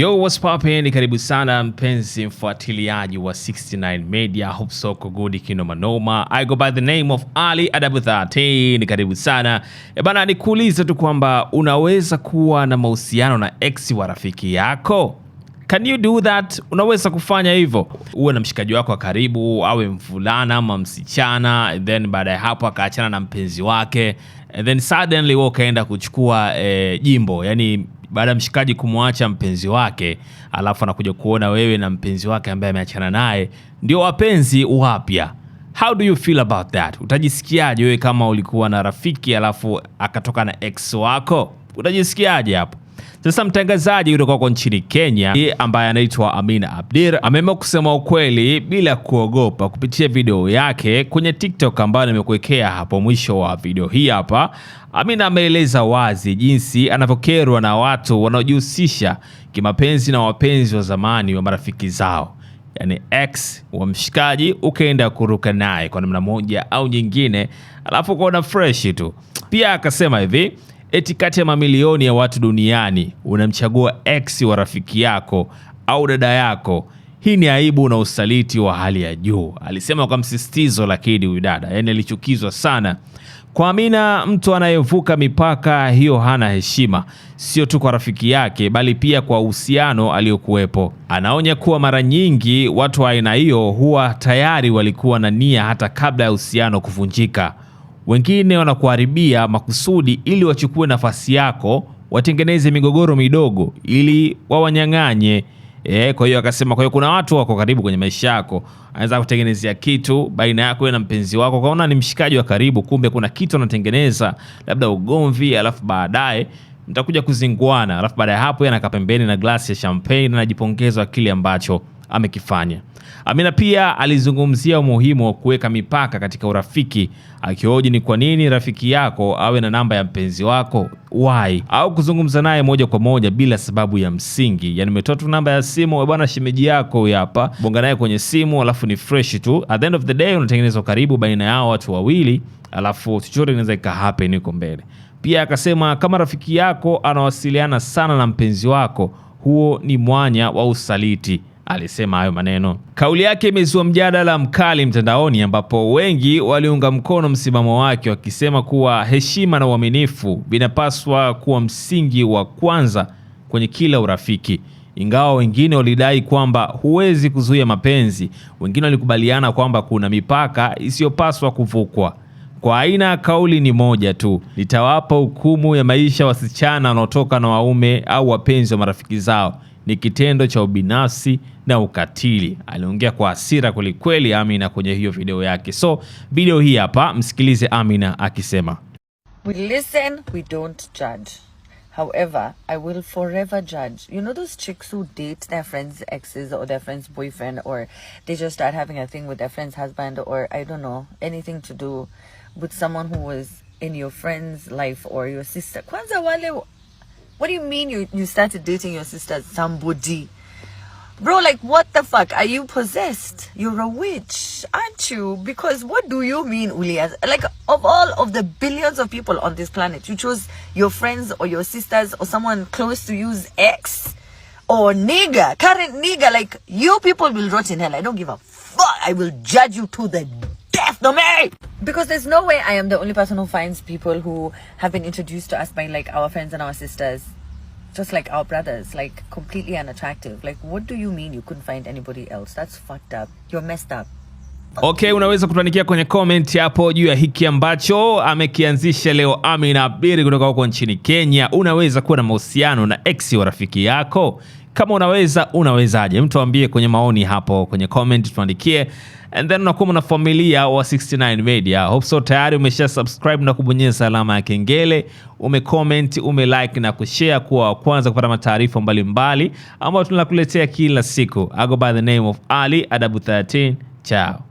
Yo, what's poppin? Karibu sana mpenzi mfuatiliaji wa 69 Media. Hope so good kinoma noma. I go by the name of Ali Adabu 13. Karibu sana. E bana, nikuulize tu kwamba unaweza kuwa na mahusiano na ex wa rafiki yako? Can you do that? Unaweza kufanya hivyo, uwe na mshikaji wako wa karibu, awe mvulana ama msichana, then baada ya hapo akaachana na mpenzi wake, and then suddenly wewe ukaenda kuchukua eh, jimbo yani baada ya mshikaji kumwacha mpenzi wake, alafu anakuja kuona wewe na mpenzi wake ambaye ameachana naye ndio wapenzi wapya. How do you feel about that? Utajisikiaje wewe kama ulikuwa na rafiki alafu akatoka na ex wako? Utajisikiaje hapo? Sasa mtangazaji kutoka huko nchini Kenya ambaye anaitwa Amina Abdir ameamua kusema ukweli bila kuogopa kupitia video yake kwenye TikTok ambayo nimekuwekea hapo mwisho wa video hii hapa. Amina ameeleza wazi jinsi anavyokerwa na watu wanaojihusisha kimapenzi na wapenzi wa zamani wa marafiki zao, yaani ex wa mshikaji ukaenda kuruka naye kwa namna moja au nyingine, alafu ukaona fresh tu. Pia akasema hivi Eti kati ya mamilioni ya watu duniani unamchagua ex wa rafiki yako au dada yako. Hii ni aibu na usaliti wa hali ya juu, alisema kwa msisitizo. Lakini huyu dada yani alichukizwa sana kwa Amina. Mtu anayevuka mipaka hiyo hana heshima, sio tu kwa rafiki yake, bali pia kwa uhusiano aliyokuwepo. Anaonya kuwa mara nyingi watu wa aina hiyo huwa tayari walikuwa na nia hata kabla ya uhusiano kuvunjika. Wengine wanakuharibia makusudi ili wachukue nafasi yako, watengeneze migogoro midogo ili wawanyang'anye. E, kwa hiyo akasema, kwa hiyo kuna watu wako karibu kwenye maisha yako, anaweza kutengenezea kitu baina yako na mpenzi wako, kaona ni mshikaji wa karibu, kumbe kuna kitu anatengeneza, labda ugomvi, alafu baadaye mtakuja kuzinguana, alafu baada ya hapo pembeni na glasi ya champagne na anajipongeza kile ambacho amekifanya. Amina pia alizungumzia umuhimu wa kuweka mipaka katika urafiki, akihoji ni kwa nini rafiki yako awe na namba ya mpenzi wako why, au kuzungumza naye moja kwa moja bila sababu ya msingi. Yani umetoa tu namba ya simu, bwana, shemeji yako huyu hapa, bonga naye kwenye simu, alafu ni fresh tu. At the end of the day unatengeneza karibu baina yao watu wawili, alafu chochote inaweza ikahappen huko mbele. Pia akasema kama rafiki yako anawasiliana sana na mpenzi wako, huo ni mwanya wa usaliti alisema hayo maneno. Kauli yake imezua mjadala mkali mtandaoni, ambapo wengi waliunga mkono msimamo wake wakisema kuwa heshima na uaminifu vinapaswa kuwa msingi wa kwanza kwenye kila urafiki. Ingawa wengine walidai kwamba huwezi kuzuia mapenzi, wengine walikubaliana kwamba kuna mipaka isiyopaswa kuvukwa. Kwa aina ya kauli ni moja tu, nitawapa hukumu ya maisha wasichana wanaotoka na waume au wapenzi wa marafiki zao ni kitendo cha ubinafsi na ukatili. Aliongea kwa hasira kwelikweli Amina kwenye hiyo video yake. So video hii hapa, msikilize Amina akisema We listen, we don't judge. However, I will forever judge. You know those chicks who date their friends' exes or their friend's boyfriend or they just start having a thing with their friend's husband or I don't know, anything to do with someone who was in your friend's life or your sister. Kwanza wale What do you mean you, you started dating your sister? Somebody. Bro, like, what the fuck? Are you possessed? You're a witch, aren't you? Because what do you mean, Ulias? Like, of all of the billions of people on this planet, you chose your friends or your sisters or someone close to you's ex or nigger, current nigger. Like, you people will rot in hell. I don't give a fuck. I will judge you to the No me! Because there's no way I am the only person who finds people who have been introduced to us by like our friends and our sisters, just like our brothers, like completely unattractive. Like, what do you mean you couldn't find anybody else? That's fucked up. You're messed up. Okay, unaweza kutuandikia kwenye comment hapo juu ya hiki ambacho amekianzisha leo Amina Abiri kutoka huko nchini Kenya. Unaweza kuwa na mahusiano na ex wa rafiki yako. Kama unaweza unawezaje? Mtu ambie kwenye maoni hapo kwenye comment, tuandikie and then unakuwa familia wa 69 Media. Hope so tayari umesha subscribe na kubonyeza alama ya kengele, umecomment, umelike na kushare, kuwa wa kwanza kupata mataarifa mbalimbali ambayo tunakuletea kila siku. I go by the name of Ali Adabu 13 chao.